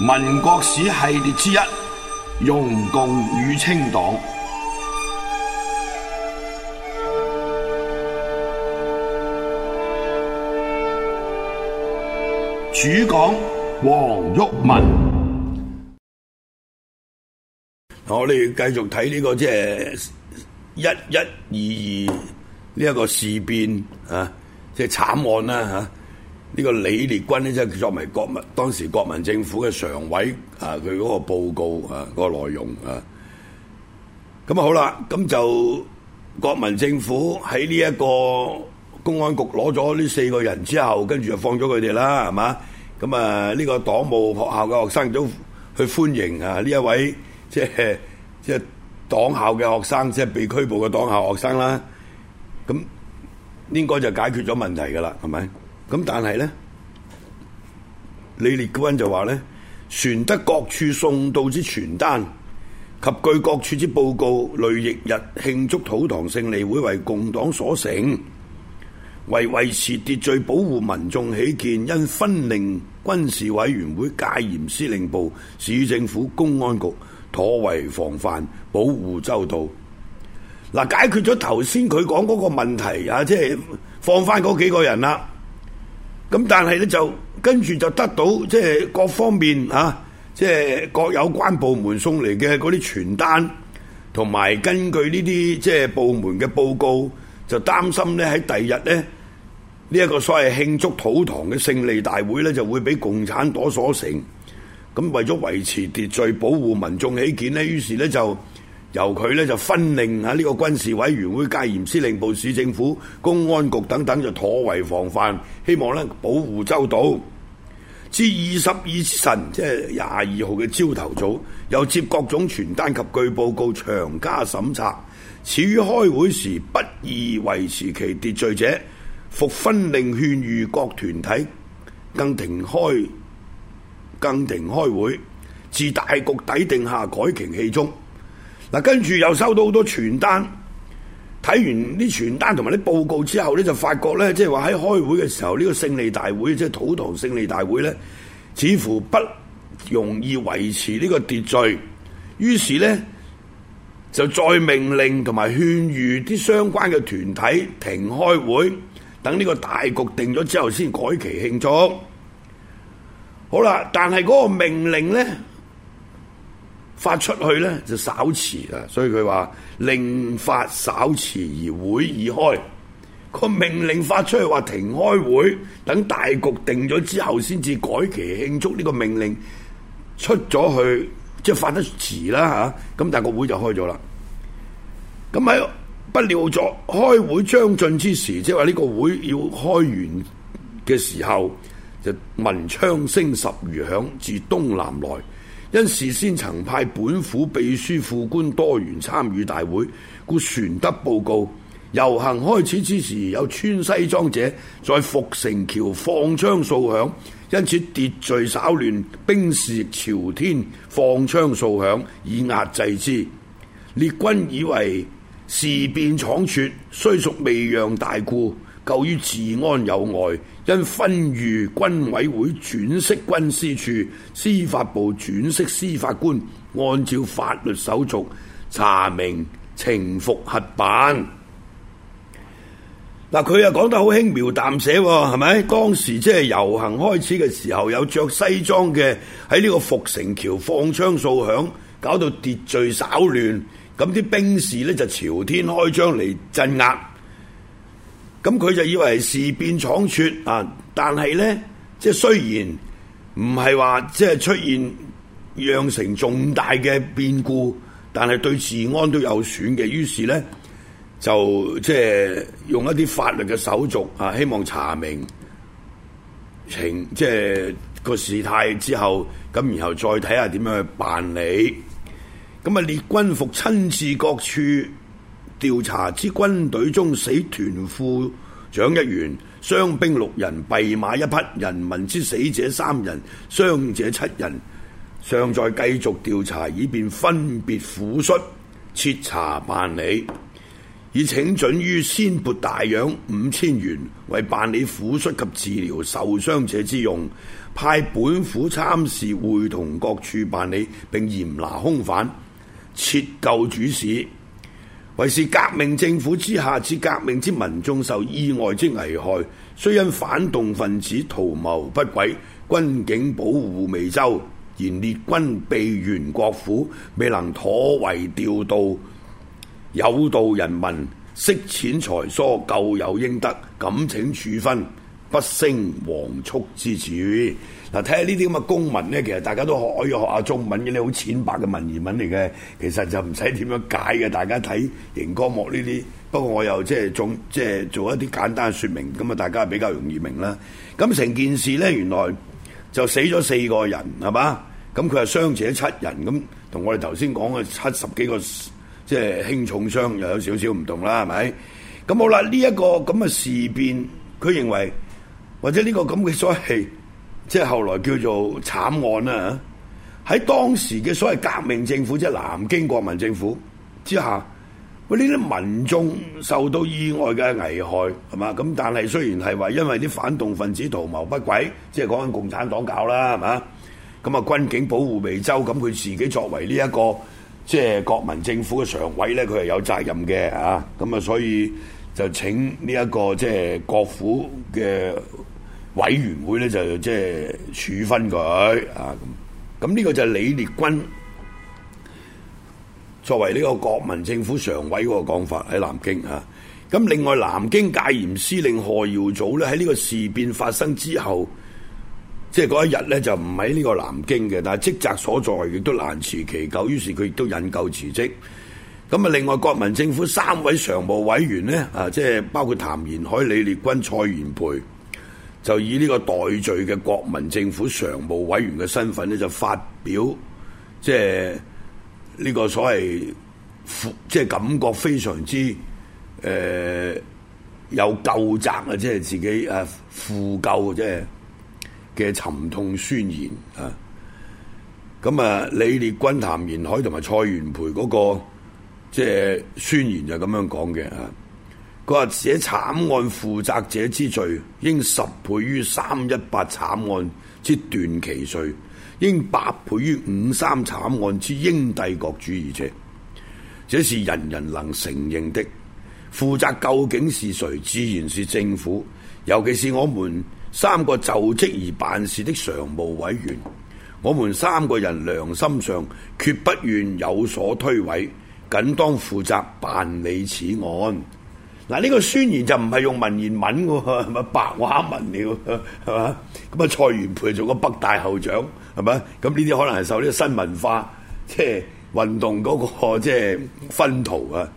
民國史系列之一，容共與清黨，主講黃毓民。我哋繼續睇呢、這個即係、就是、一一二二呢一個事變啊，即係慘案啦吓。呢個李烈鈞呢，即係作為國民當時國民政府嘅常委，啊佢嗰個報告啊個內容啊，咁啊好啦，咁就國民政府喺呢一個公安局攞咗呢四個人之後，跟住就放咗佢哋啦，係嘛？咁啊呢、這個黨務學校嘅學生亦都去歡迎啊呢一位即係即係黨校嘅學生，即係被拘捕嘅黨校學生啦，咁應該就解決咗問題㗎啦，係咪？咁但係咧，李烈鈞就話咧，傳得各處送到之傳單及據各處之報告，累翌日慶祝土堂勝利會為共黨所成，為維持秩序保護民眾起見，因分令軍事委員會戒嚴司令部、市政府公安局妥為防範保護周到。嗱，解決咗頭先佢講嗰個問題啊，即係放翻嗰幾個人啦。咁但係咧，就跟住就得到即係各方面啊，即係各有關部門送嚟嘅嗰啲傳單，同埋根據呢啲即係部門嘅報告，就擔心咧喺第日咧呢一個所謂慶祝土堂嘅勝利大會咧，就會俾共產黨所成。咁為咗維持秩序、保護民眾起見咧，於是咧就。由佢呢就分令喺呢個軍事委員會、戒嚴司令部、市政府、公安局等等，就妥為防範，希望呢保護周到。至二十二晨，即係廿二號嘅朝頭早，又接各種傳單及據報告，長加審查。始於開會時，不宜維持其秩序者，復分令勸喻各團體，更停開，更停開會。自大局底定下，改期氣中。跟住又收到好多傳單，睇完啲傳單同埋啲報告之後咧，就發覺咧，即係話喺開會嘅時候呢個勝利大會，即係土堂勝利大會咧，似乎不容易維持呢個秩序，於是咧就再命令同埋勸喻啲相關嘅團體停開會，等呢個大局定咗之後先改期慶祝。好啦，但係嗰個命令咧，發出去咧，就稍遲啊，所以佢話另發稍遲而會已開個命令發出去話停開會，等大局定咗之後先至改期慶祝。呢個命令出咗去，即係發得遲啦吓，咁、啊、但係個會就開咗啦。咁喺不料在開會將進之時，即係話呢個會要開完嘅時候，就聞槍聲十餘響自東南來。因事先曾派本府秘書副官多員參與大會，故傳得報告。遊行開始之時，有穿西裝者在阜城橋放槍數響，因此秩序稍亂。兵士朝天放槍數響以壓制之。列軍以為事變倉促，雖屬未讓大故。夠於治安有礙，因分諭軍委會轉飭軍司處、司法部轉飭司法官，按照法律手續查明、呈覆核辦。嗱，佢又講得好輕描淡寫，係咪？當時即係遊行開始嘅時候，有着西裝嘅喺呢個阜城橋放槍數響，搞到秩序稍亂，咁啲兵士呢就朝天開槍嚟鎮壓。咁佢就以為事變倉促啊，但係咧，即係雖然唔係話即係出現釀成重大嘅變故，但係對治安都有損嘅。於是咧，就即係用一啲法律嘅手續啊，希望查明情，即係個事態之後，咁然後再睇下點樣去辦理。咁啊，列軍服親自各處。調查之軍隊中死團副長一員，傷兵六人，斃馬一匹；人民之死者三人，傷者七人。尚在繼續調查，以便分別撫恤，徹查辦理。以請準於先撥大洋五千元，為辦理撫恤及治療受傷者之用。派本府參事會同各處辦理，並嚴拿兇犯，徹救主使。為是革命政府之下，致革命之民眾受意外之危害，雖因反動分子圖謀不軌，軍警保護未周，然列軍備援國府，未能妥為調度。有道人民識淺才疏，咎有應得，敢請處分。不勝惶悚之至。嗱，睇下呢啲咁嘅公文咧，其實大家都可以學下中文嘅，呢好淺白嘅文言文嚟嘅，其實就唔使點樣解嘅。大家睇熒光幕呢啲，不過我又即係做即係、就是、做一啲簡單嘅説明，咁啊大家比較容易明啦。咁成件事咧，原來就死咗四個人係嘛，咁佢係傷者七人，咁同我哋頭先講嘅七十幾個即係輕重傷又有少少唔同啦，係咪？咁好啦，呢、這、一個咁嘅事變，佢認為。或者呢個咁嘅所謂，即係後來叫做慘案啊。喺當時嘅所謂革命政府，即係南京國民政府之下，喂呢啲民眾受到意外嘅危害，係嘛咁？但係雖然係話因為啲反動分子圖謀不軌，即係講緊共產黨搞啦，係嘛咁啊？軍警保護未周，咁佢自己作為呢、這、一個即係、就是、國民政府嘅常委咧，佢係有責任嘅啊。咁啊，所以就請呢、這、一個即係、就是、國府嘅。委員會咧就即係處分佢啊咁，咁呢個就係李烈鈞作為呢個國民政府常委嗰個講法喺南京啊。咁另外南京戒嚴司令賀耀祖咧喺呢個事變發生之後，即係嗰一日咧就唔喺呢個南京嘅，但係職責所在亦都難辭其咎，於是佢亦都引咎辭，辭職。咁啊，另外國民政府三位常務委員呢，啊，即係包括譚延闓、李烈鈞、蔡元培。就以呢個待罪嘅國民政府常務委員嘅身份咧，就發表即係呢、這個所謂負，即係感覺非常之誒、呃、有疚責啊！即係自己誒負疚，即係嘅沉痛宣言啊！咁啊，李烈鈞、譚延闓同埋蔡元培嗰、那個即係宣言就咁樣講嘅啊！佢話：寫慘案負責者之罪，應十倍於三一八慘案之段祺瑞，應八倍於五三慘案之英帝國主義者。這是人人能承認的。負責究竟是誰？自然是政府，尤其是我們三個就職而辦事的常務委員。我們三個人良心上決不願有所推諉，僅當負責辦理此案。嗱，呢個宣言就唔係用文言文喎，係咪白話文嚟㗎？係嘛？咁啊，蔡元培做個北大校長係嘛？咁呢啲可能係受呢個新文化即係運動嗰個即係分途啊，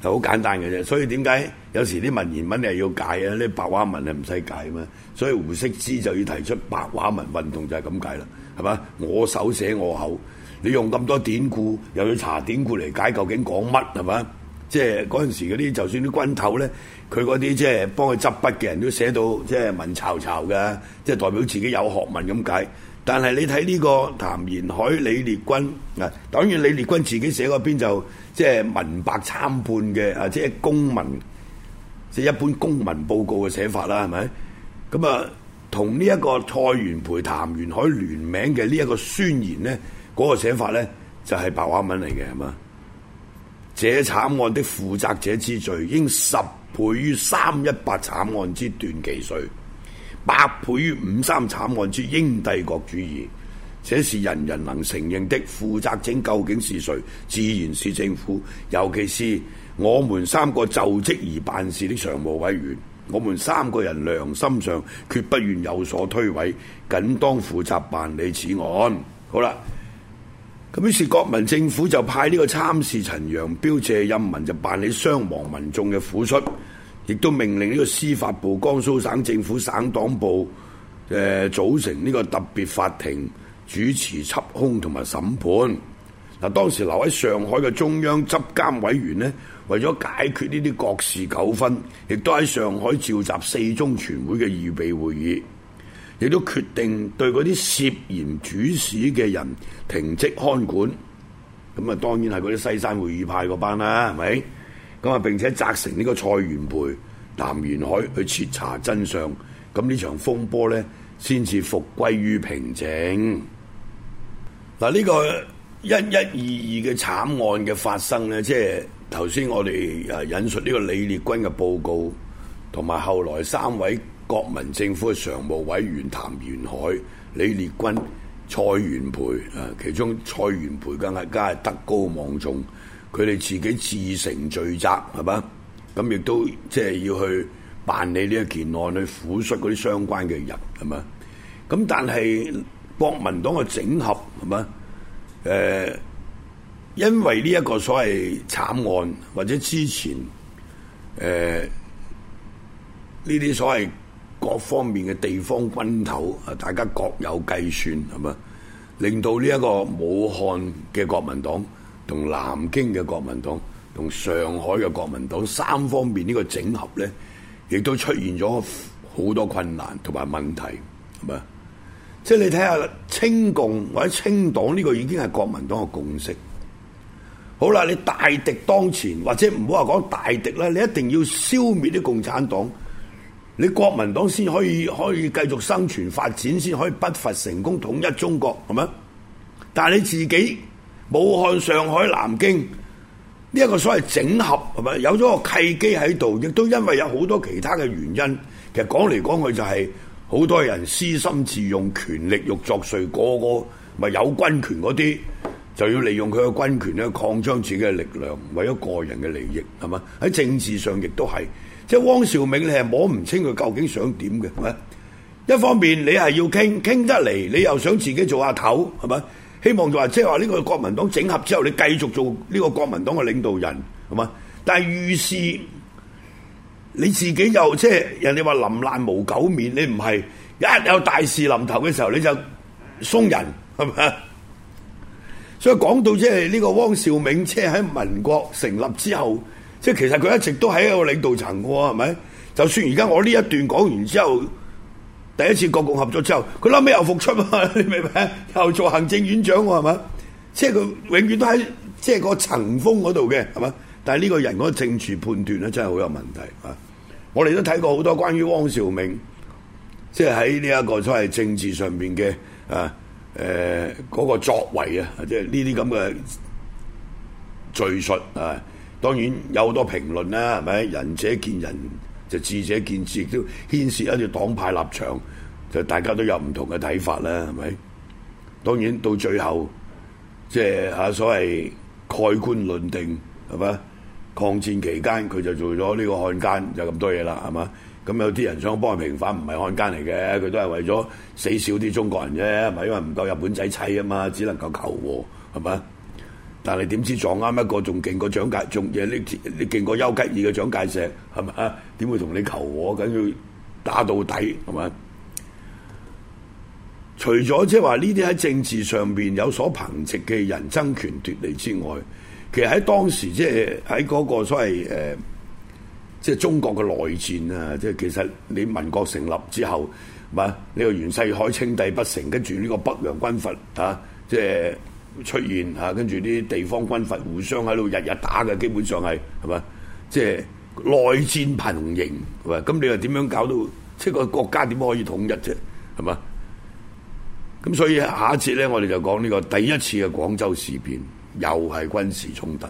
就好簡單嘅啫。所以點解有時啲文言文你係要解啊？呢啲白話文係唔使解㗎嘛？所以胡適之就要提出白話文運動就係咁解啦，係嘛？我手寫我口，你用咁多典故，又要查典故嚟解究竟講乜係嘛？即係嗰陣時嗰啲，就算啲軍頭咧，佢嗰啲即係幫佢執筆嘅人都寫到即係文縐縐嘅，即係代表自己有學問咁解。但係你睇呢個譚延闓、李烈鈞啊，當然李烈鈞自己寫嗰邊就即係文白參半嘅啊，即係公民即係一般公民報告嘅寫法啦，係咪？咁啊，同呢一個蔡元培、譚延闓聯名嘅呢一個宣言咧，嗰個寫法咧就係白話文嚟嘅，係嘛？這慘案的負責者之罪，應十倍於三一八慘案之段祺瑞，百倍於五三慘案之英帝國主義。這是人人能承認的。負責者究竟是誰？自然是政府，尤其是我們三個就職而辦事的常務委員。我們三個人良心上決不願有所推諉，僅當負責辦理此案。好啦。咁於是國民政府就派呢個參事陳揚標、謝任民就辦理傷亡民眾嘅撫恤，亦都命令呢個司法部、江蘇省政府、省黨部誒、呃、組成呢個特別法庭主持緝兇同埋審判。嗱、啊，當時留喺上海嘅中央執監委員呢，為咗解決呢啲國事糾紛，亦都喺上海召集四中全會嘅預備會議。亦都決定對嗰啲涉嫌主使嘅人停職看管，咁啊當然係嗰啲西山會議派嗰班啦，係咪？咁啊並且責成呢個蔡元培、譚延闓去徹查真相，咁呢場風波呢，先至復歸於平靜。嗱、呢個一一二二嘅慘案嘅發生呢，即係頭先我哋引述呢個李烈鈞嘅報告，同埋後來三位。國民政府嘅常務委員譚延闓、李烈鈞、蔡元培啊，其中蔡元培更加係德高望重，佢哋自己自成罪責，係嘛？咁亦都即係要去辦理呢一件案，去撫恤嗰啲相關嘅人，係嘛？咁但係國民黨嘅整合，係嘛？誒、呃，因為呢一個所謂慘案，或者之前誒呢啲所謂。各方面嘅地方軍頭啊，大家各有計算，係咪？令到呢一個武漢嘅國民黨同南京嘅國民黨同上海嘅國民黨三方面呢個整合呢，亦都出現咗好多困難同埋問題，係咪？即係你睇下清共或者清黨呢個已經係國民黨嘅共識。好啦，你大敵當前，或者唔好話講大敵啦，你一定要消滅啲共產黨。你國民黨先可以可以繼續生存發展，先可以北伐成功統一中國，係咪？但係你自己武漢、上海、南京呢一個所謂整合，係咪有咗個契機喺度？亦都因為有好多其他嘅原因，其實講嚟講去就係好多人私心自用、權力欲作祟，個個咪有軍權嗰啲就要利用佢嘅軍權咧擴張自己嘅力量，為咗個人嘅利益，係咪？喺政治上亦都係。即係汪兆銘，你係摸唔清佢究竟想點嘅，係咪？一方面你係要傾，傾得嚟，你又想自己做阿頭，係咪？希望就話，即係話呢個國民黨整合之後，你繼續做呢個國民黨嘅領導人，係嘛？但係遇事你自己又即係人哋話臨難無苟免，你唔係一有大事臨頭嘅時候你就鬆人，係嘛？所以講到即係呢個汪兆銘，即係喺民國成立之後。即係其實佢一直都喺一個領導層嘅喎，係咪？就算而家我呢一段講完之後，第一次國共合作之後，佢後尾又復出啊！你明唔明又做行政院長喎，係嘛？即係佢永遠都喺即係個層峰嗰度嘅，係嘛？但係呢個人嗰個政治判斷啊，真係好有問題啊！我哋都睇過好多關於汪兆銘，即係喺呢一個所謂政治上邊嘅啊誒嗰個作為啊，即係呢啲咁嘅敘述啊。當然有好多評論啦，係咪？仁者見仁，就智者見智，都牽涉一啲黨派立場，就大家都有唔同嘅睇法啦，係咪？當然到最後，即係啊所謂蓋棺論定，係咪？抗戰期間佢就做咗呢個漢奸，就咁多嘢啦，係咪？咁有啲人想幫佢平反，唔係漢奸嚟嘅，佢都係為咗死少啲中國人啫，係咪？因為唔夠日本仔砌啊嘛，只能夠求，求和，係咪？但係點知撞啱一個仲勁過蔣介，仲嘅呢？呢勁過丘吉爾嘅蔣介石，係咪？點會同你求和？緊要打到底，係咪？除咗即係話呢啲喺政治上邊有所憑藉嘅人爭權奪利之外，其實喺當時即係喺嗰個所謂誒、呃，即係中國嘅內戰啊！即係其實你民國成立之後，嘛呢、呢個袁世凱稱帝不成，跟住呢個北洋軍閥啊，即係。出現吓，跟住啲地方軍閥互相喺度日日打嘅，基本上係係咪即係內戰頻仍，係咪？咁你又點樣搞到即、就是、個國家點可以統一啫？係嘛？咁所以下一節咧，我哋就講呢、這個第一次嘅廣州事變，又係軍事衝突。